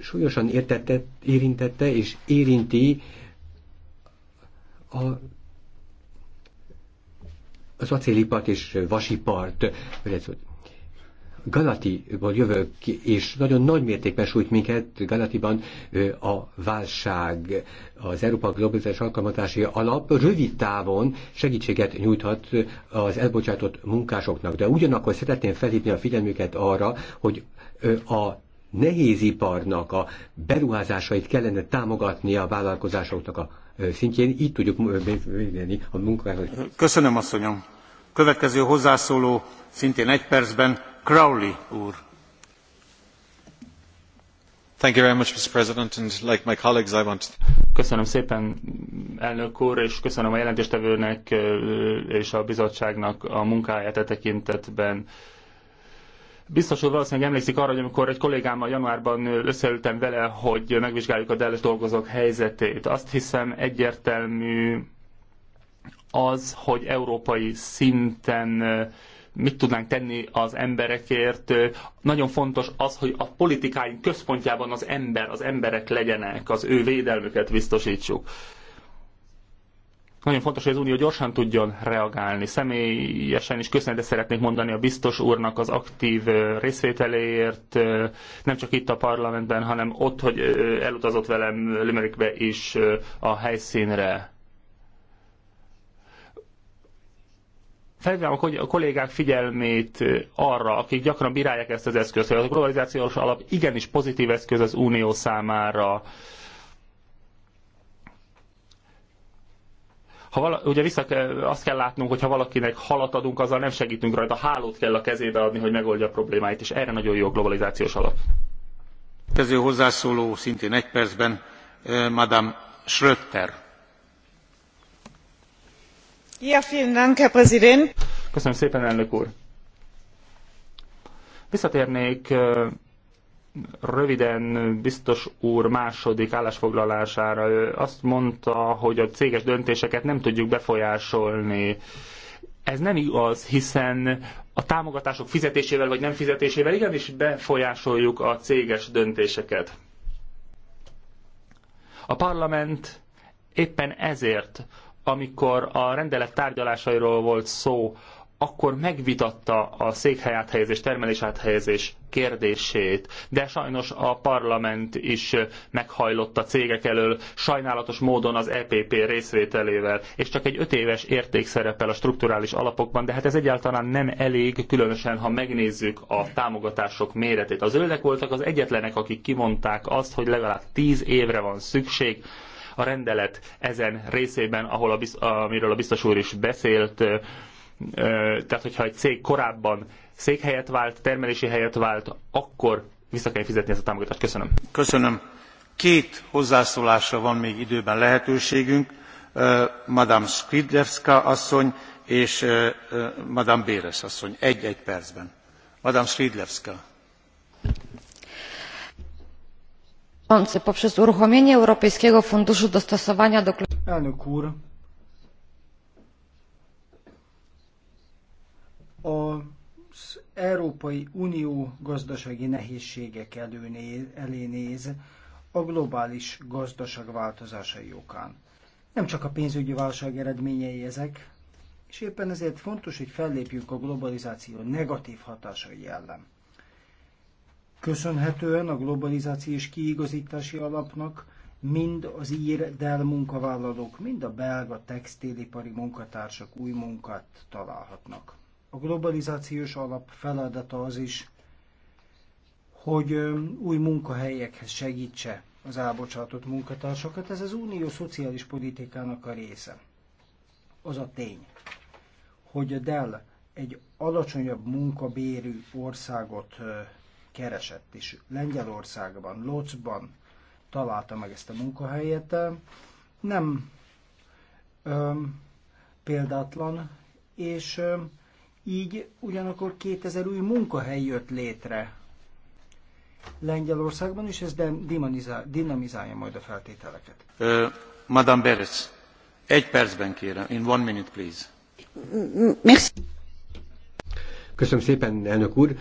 súlyosan értette, érintette és érinti a az acélipart és vasipart. Galatiból jövök, és nagyon nagy mértékben sújt minket Galatiban a válság. Az Európa Globalizációs Alkalmazási Alap rövid távon segítséget nyújthat az elbocsátott munkásoknak, de ugyanakkor szeretném felhívni a figyelmüket arra, hogy a nehéziparnak a beruházásait kellene támogatni a vállalkozásoknak a szintjén, így tudjuk védeni a munkákat. Köszönöm, asszonyom. Következő hozzászóló szintén egy percben Crowley úr. Thank you very much, Mr. President, and like my colleagues, I want Köszönöm szépen, elnök úr, és köszönöm a jelentéstevőnek és a bizottságnak a munkáját a e tekintetben. Biztos hogy valószínűleg emlékszik arra, hogy amikor egy kollégámmal januárban összeültem vele, hogy megvizsgáljuk a Dell-es dolgozók helyzetét. Azt hiszem egyértelmű az, hogy európai szinten mit tudnánk tenni az emberekért. Nagyon fontos az, hogy a politikáink központjában az ember, az emberek legyenek, az ő védelmüket biztosítsuk. Nagyon fontos, hogy az Unió gyorsan tudjon reagálni. Személyesen is köszönetet szeretnék mondani a biztos úrnak az aktív részvételéért, nem csak itt a parlamentben, hanem ott, hogy elutazott velem Limerickbe is a helyszínre. felhívnám a kollégák figyelmét arra, akik gyakran bírálják ezt az eszközt, hogy a globalizációs alap igenis pozitív eszköz az Unió számára. Ha vala, ugye vissza kell, azt kell látnunk, hogy ha valakinek halat adunk, azzal nem segítünk rajta, hálót kell a kezébe adni, hogy megoldja a problémáit, és erre nagyon jó a globalizációs alap. Következő hozzászóló szintén egy percben, Madame Schröter. Ja, vielen Dank, Herr Präsident. Köszönöm szépen, elnök úr. Visszatérnék röviden biztos úr második állásfoglalására. Ő azt mondta, hogy a céges döntéseket nem tudjuk befolyásolni. Ez nem igaz, hiszen a támogatások fizetésével vagy nem fizetésével igenis befolyásoljuk a céges döntéseket. A parlament éppen ezért, amikor a rendelet tárgyalásairól volt szó akkor megvitatta a székhely áthelyezés, termelés áthelyezés kérdését, de sajnos a parlament is meghajlott a cégek elől, sajnálatos módon az EPP részvételével, és csak egy öt éves érték szerepel a strukturális alapokban, de hát ez egyáltalán nem elég, különösen ha megnézzük a támogatások méretét. Az zöldek voltak az egyetlenek, akik kimondták azt, hogy legalább tíz évre van szükség, a rendelet ezen részében, ahol a, amiről a biztos úr is beszélt, tehát hogyha egy cég korábban székhelyet vált, termelési helyet vált, akkor vissza kell fizetni ezt a támogatást. Köszönöm. Köszönöm. Két hozzászólásra van még időben lehetőségünk. Madame Skridlevska asszony és Madame Béres asszony. Egy-egy percben. Madame Skridlevska. Poprzez uruchomienie Europejskiego Funduszu Dostosowania do... Elnök úr, az Európai Unió gazdasági nehézségek előnéz, elé néz a globális gazdaság változásai okán. Nem csak a pénzügyi válság eredményei ezek, és éppen ezért fontos, hogy fellépjünk a globalizáció negatív hatásai ellen. Köszönhetően a globalizációs kiigazítási alapnak mind az ír del munkavállalók, mind a belga textilipari munkatársak új munkát találhatnak. A globalizációs alap feladata az is, hogy új munkahelyekhez segítse az elbocsátott munkatársakat. Ez az unió szociális politikának a része. Az a tény, hogy a Dell egy alacsonyabb munkabérű országot keresett, és Lengyelországban, Locban találta meg ezt a munkahelyet. Nem öm, példátlan, és öm, így ugyanakkor 2000 új munkahely jött létre Lengyelországban, is ez dinamizálja majd a feltételeket. Uh, Madame Beres, egy percben kérem, in one minute please. Merci. Köszönöm szépen, elnök úr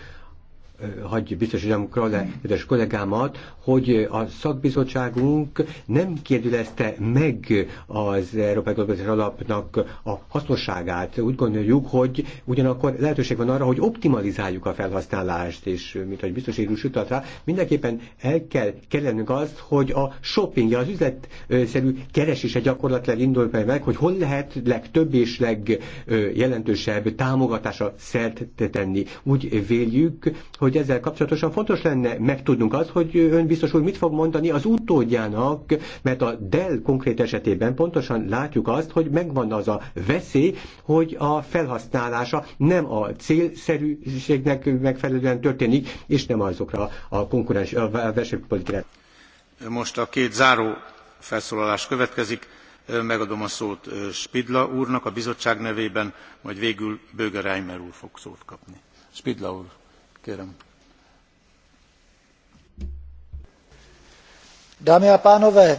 hagyj biztosítsam Krale, kedves kollégámat, hogy a szakbizottságunk nem kérdőlezte meg az Európai Globális Alapnak a hasznosságát. Úgy gondoljuk, hogy ugyanakkor lehetőség van arra, hogy optimalizáljuk a felhasználást, és mint hogy biztos is utalt rá, mindenképpen el kell kerülnünk azt, hogy a shopping, az üzletszerű keresése gyakorlatilag indul meg, hogy hol lehet legtöbb és legjelentősebb támogatásra szert tenni. Úgy véljük, hogy hogy ezzel kapcsolatosan fontos lenne megtudnunk azt, hogy ön biztos úr mit fog mondani az utódjának, mert a Dell konkrét esetében pontosan látjuk azt, hogy megvan az a veszély, hogy a felhasználása nem a célszerűségnek megfelelően történik, és nem azokra a konkurens a versenypolitikára. Most a két záró felszólalás következik. Megadom a szót Spidla úrnak a bizottság nevében, majd végül Böger Reimer úr fog szót kapni. Spidla úr. Kérem. Dámy a pánové,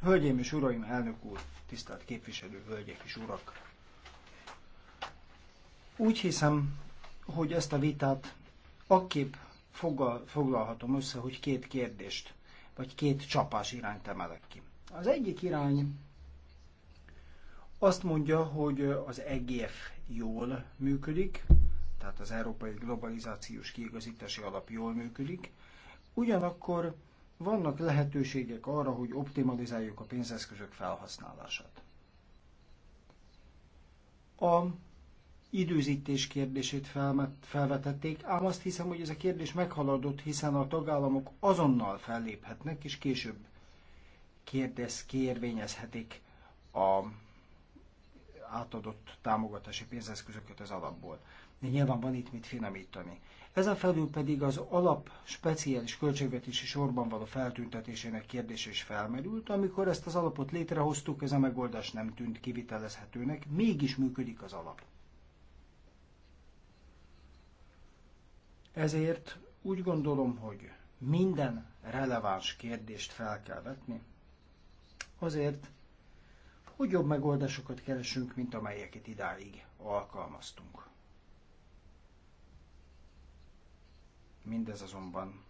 Hölgyeim és uraim, elnök úr, tisztelt képviselő, hölgyek és urak! Úgy hiszem, hogy ezt a vitát akképp foglalhatom össze, hogy két kérdést, vagy két csapás irányt emelek ki. Az egyik irány azt mondja, hogy az EGF jól működik, tehát az Európai Globalizációs Kiigazítási Alap jól működik. Ugyanakkor vannak lehetőségek arra, hogy optimalizáljuk a pénzeszközök felhasználását. A időzítés kérdését felvetették, ám azt hiszem, hogy ez a kérdés meghaladott, hiszen a tagállamok azonnal felléphetnek, és később kérdez, kérvényezhetik a átadott támogatási pénzeszközöket az alapból de nyilván van itt mit finomítani. Ezen felül pedig az alap speciális költségvetési sorban való feltüntetésének kérdése is felmerült. Amikor ezt az alapot létrehoztuk, ez a megoldás nem tűnt kivitelezhetőnek, mégis működik az alap. Ezért úgy gondolom, hogy minden releváns kérdést fel kell vetni, azért, hogy jobb megoldásokat keresünk, mint amelyeket idáig alkalmaztunk. Mindez azonban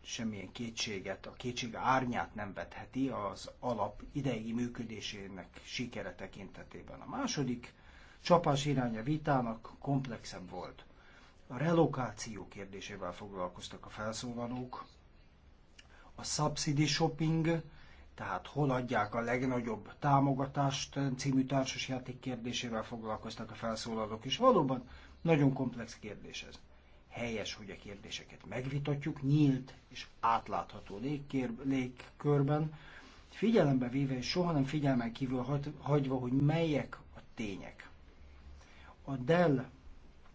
semmilyen kétséget, a kétség árnyát nem vetheti az alap idei működésének sikere tekintetében. A második csapás iránya vitának komplexebb volt. A relokáció kérdésével foglalkoztak a felszólalók, a subsidy shopping, tehát hol adják a legnagyobb támogatást című társasjáték kérdésével foglalkoztak a felszólalók, és valóban nagyon komplex kérdés ez. Helyes, hogy a kérdéseket megvitatjuk nyílt és átlátható légkér, légkörben, figyelembe véve és soha nem figyelmen kívül hagyva, hogy melyek a tények. A Dell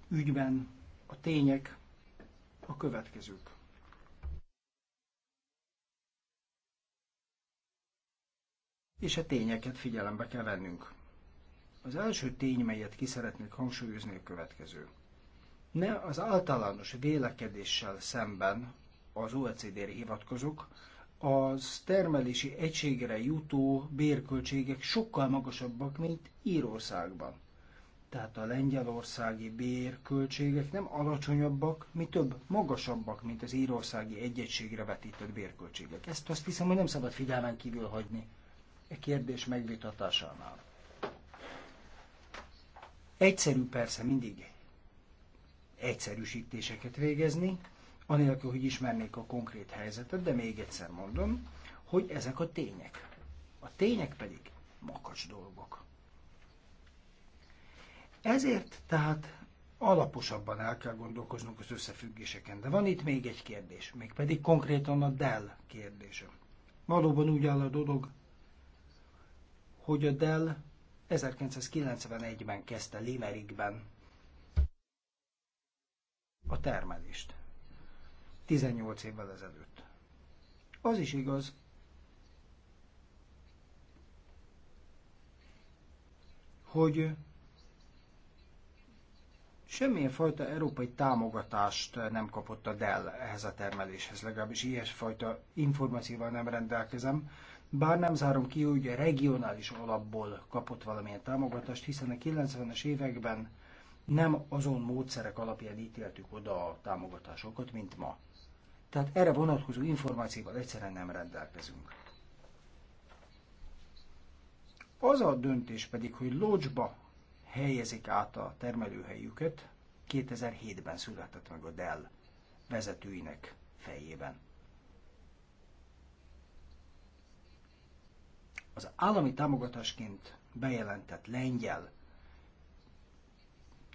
ügyben a tények a következők. És a tényeket figyelembe kell vennünk. Az első tény, melyet ki szeretnék hangsúlyozni, a következő ne az általános vélekedéssel szemben az OECD-re hivatkozok, az termelési egységre jutó bérköltségek sokkal magasabbak, mint Írországban. Tehát a lengyelországi bérköltségek nem alacsonyabbak, mi több magasabbak, mint az írországi egyegységre vetített bérköltségek. Ezt azt hiszem, hogy nem szabad figyelmen kívül hagyni e kérdés megvitatásánál. Egyszerű persze mindig egyszerűsítéseket végezni, anélkül, hogy ismernék a konkrét helyzetet, de még egyszer mondom, hogy ezek a tények. A tények pedig makacs dolgok. Ezért tehát alaposabban el kell gondolkoznunk az összefüggéseken. De van itt még egy kérdés, mégpedig konkrétan a Dell kérdése. Valóban úgy áll a dolog, hogy a Dell 1991-ben kezdte Limerickben termelést. 18 évvel ezelőtt. Az is igaz, hogy semmilyen fajta európai támogatást nem kapott a Dell ehhez a termeléshez, legalábbis ilyesfajta információval nem rendelkezem, bár nem zárom ki, hogy regionális alapból kapott valamilyen támogatást, hiszen a 90-es években nem azon módszerek alapján ítéltük oda a támogatásokat, mint ma. Tehát erre vonatkozó információval egyszerűen nem rendelkezünk. Az a döntés pedig, hogy Lodzsba helyezik át a termelőhelyüket, 2007-ben született meg a Dell vezetőinek fejében. Az állami támogatásként bejelentett lengyel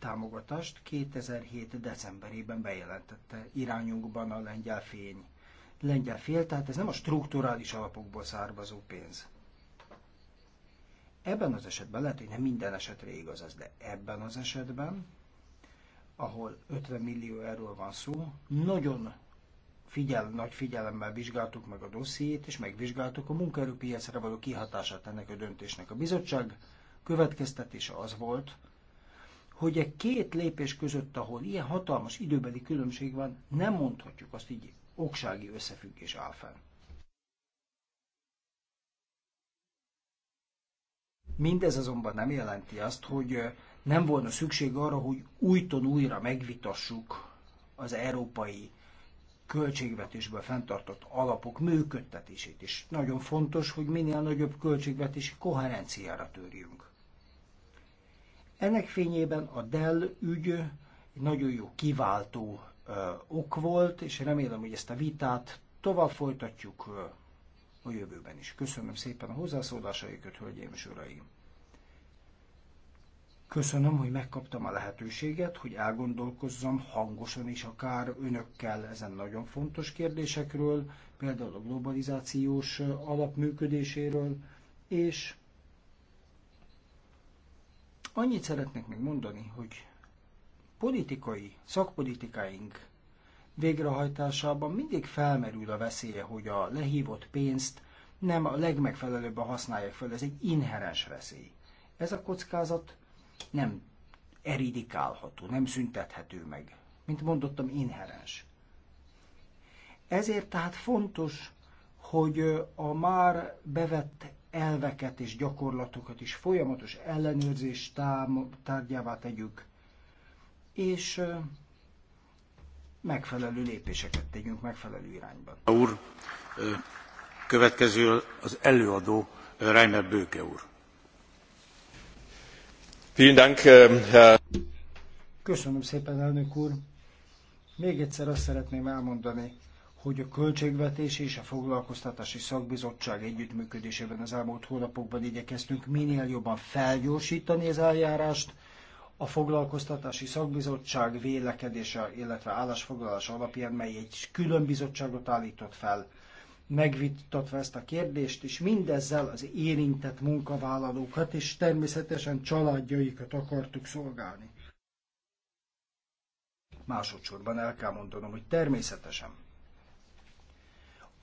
támogatást 2007. decemberében bejelentette irányunkban a lengyel fény. Lengyel fél, tehát ez nem a strukturális alapokból származó pénz. Ebben az esetben lehet, hogy nem minden esetre igaz ez, de ebben az esetben, ahol 50 millió erről van szó, nagyon figyel, nagy figyelemmel vizsgáltuk meg a dossziét, és megvizsgáltuk a munkaerőpiacra való kihatását ennek a döntésnek. A bizottság következtetése az volt, hogy a két lépés között, ahol ilyen hatalmas időbeli különbség van, nem mondhatjuk azt így, oksági összefüggés áll fenn. Mindez azonban nem jelenti azt, hogy nem volna szükség arra, hogy újton újra megvitassuk az európai költségvetésből fenntartott alapok működtetését is. Nagyon fontos, hogy minél nagyobb költségvetési koherenciára törjünk. Ennek fényében a Dell ügy egy nagyon jó kiváltó ok volt, és remélem, hogy ezt a vitát tovább folytatjuk a jövőben is. Köszönöm szépen a hozzászólásaikat, hölgyeim és uraim! Köszönöm, hogy megkaptam a lehetőséget, hogy elgondolkozzam hangosan is akár önökkel ezen nagyon fontos kérdésekről, például a globalizációs alapműködéséről, és annyit szeretnék még mondani, hogy politikai, szakpolitikáink végrehajtásában mindig felmerül a veszélye, hogy a lehívott pénzt nem a legmegfelelőbben használják fel. Ez egy inherens veszély. Ez a kockázat nem eridikálható, nem szüntethető meg. Mint mondottam, inherens. Ezért tehát fontos, hogy a már bevett elveket és gyakorlatokat is folyamatos ellenőrzés tárgyává tegyük, és megfelelő lépéseket tegyünk megfelelő irányban. Úr, következő az előadó Reiner Bőke úr. Köszönöm szépen, elnök úr. Még egyszer azt szeretném elmondani, hogy a Költségvetés és a Foglalkoztatási Szakbizottság együttműködésében az elmúlt hónapokban igyekeztünk minél jobban felgyorsítani az eljárást. A Foglalkoztatási Szakbizottság vélekedése, illetve állásfoglalás alapján, mely egy külön bizottságot állított fel, megvitatva ezt a kérdést, és mindezzel az érintett munkavállalókat és természetesen családjaikat akartuk szolgálni. Másodszorban el kell mondanom, hogy természetesen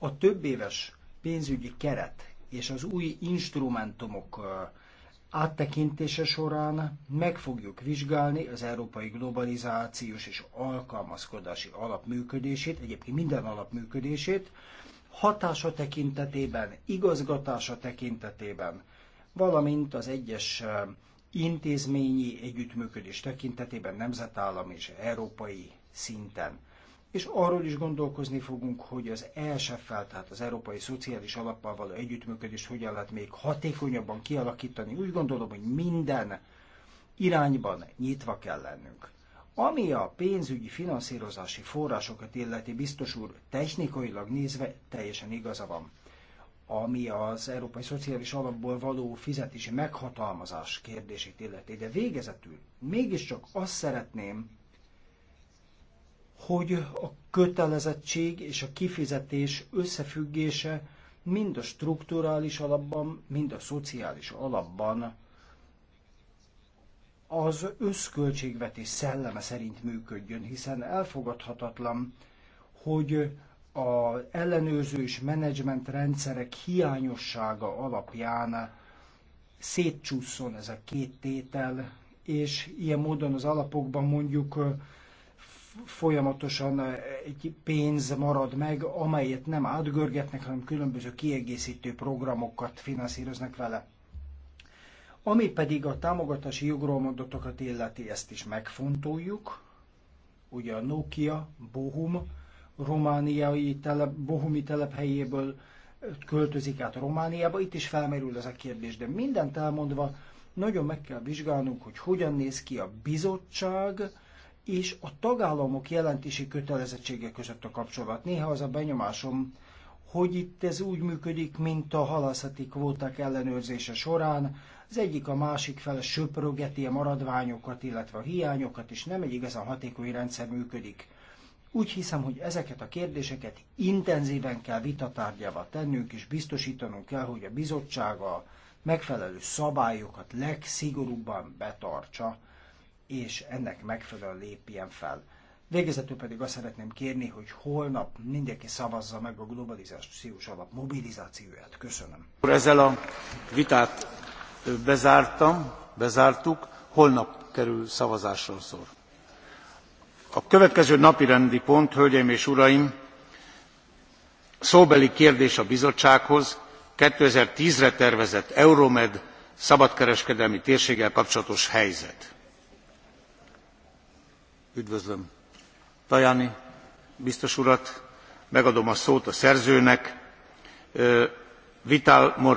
a több éves pénzügyi keret és az új instrumentumok áttekintése során meg fogjuk vizsgálni az európai globalizációs és alkalmazkodási alapműködését, egyébként minden alapműködését, hatása tekintetében, igazgatása tekintetében, valamint az egyes intézményi együttműködés tekintetében nemzetállam és európai szinten és arról is gondolkozni fogunk, hogy az ESF-fel, tehát az Európai Szociális Alappal való együttműködést hogyan lehet még hatékonyabban kialakítani. Úgy gondolom, hogy minden irányban nyitva kell lennünk. Ami a pénzügyi finanszírozási forrásokat illeti, biztos úr, technikailag nézve teljesen igaza van. Ami az Európai Szociális Alapból való fizetési meghatalmazás kérdését illeti, de végezetül mégiscsak azt szeretném, hogy a kötelezettség és a kifizetés összefüggése mind a strukturális alapban, mind a szociális alapban az összköltségvetés szelleme szerint működjön, hiszen elfogadhatatlan, hogy a ellenőrző és menedzsment rendszerek hiányossága alapján szétcsúszson ez a két tétel, és ilyen módon az alapokban mondjuk folyamatosan eh, egy pénz marad meg, amelyet nem átgörgetnek, hanem különböző kiegészítő programokat finanszíroznak vele. Ami pedig a támogatási jogról mondatokat illeti, ezt is megfontoljuk. Ugye a Nokia, Bohum, romániai telep, bohumi telephelyéből eh, költözik át Romániába, itt is felmerül ez a kérdés, de mindent elmondva nagyon meg kell vizsgálnunk, hogy hogyan néz ki a bizottság, és a tagállamok jelentési kötelezettsége között a kapcsolat. Néha az a benyomásom, hogy itt ez úgy működik, mint a halászati kvóták ellenőrzése során, az egyik a másik fele söprögeti a maradványokat, illetve a hiányokat, és nem egy igazán hatékony rendszer működik. Úgy hiszem, hogy ezeket a kérdéseket intenzíven kell vitatárgyával tennünk, és biztosítanunk kell, hogy a bizottsága megfelelő szabályokat legszigorúbban betartsa és ennek megfelelően lépjen fel. Végezetül pedig azt szeretném kérni, hogy holnap mindenki szavazza meg a globalizációs alap mobilizációját. Köszönöm. Ezzel a vitát bezártam, bezártuk, holnap kerül szavazásra szor. A következő napi rendi pont, hölgyeim és uraim, szóbeli kérdés a bizottsághoz, 2010-re tervezett Euromed szabadkereskedelmi térséggel kapcsolatos helyzet üdvözlöm tajani biztos urat megadom a szót a szerzőnek vital morales úrnak.